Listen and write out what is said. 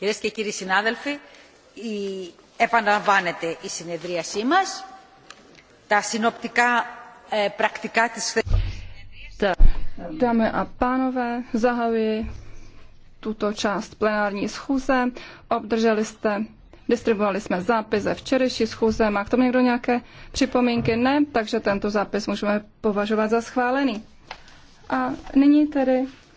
Κυρίες και κύριοι συνάδελφοι, η... επαναλαμβάνεται η συνεδρίασή μας. Τα συνοπτικά ε, πρακτικά της Dámy a pánové, zahajuji tuto část plenární schůze. Obdrželi jste, distribuovali jsme zápis ze včerejší schůze. Má k tomu někdo nějaké připomínky? Ne, takže tento zápis můžeme považovat za schválený. A nyní tedy